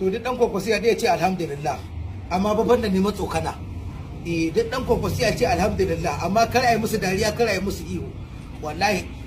to duk dan kokosi ya ce alhamdulillah amma ba banda neman tsokana eh duk dan ya ce alhamdulillah amma kar a musu dariya kar a musu ihu. wallahi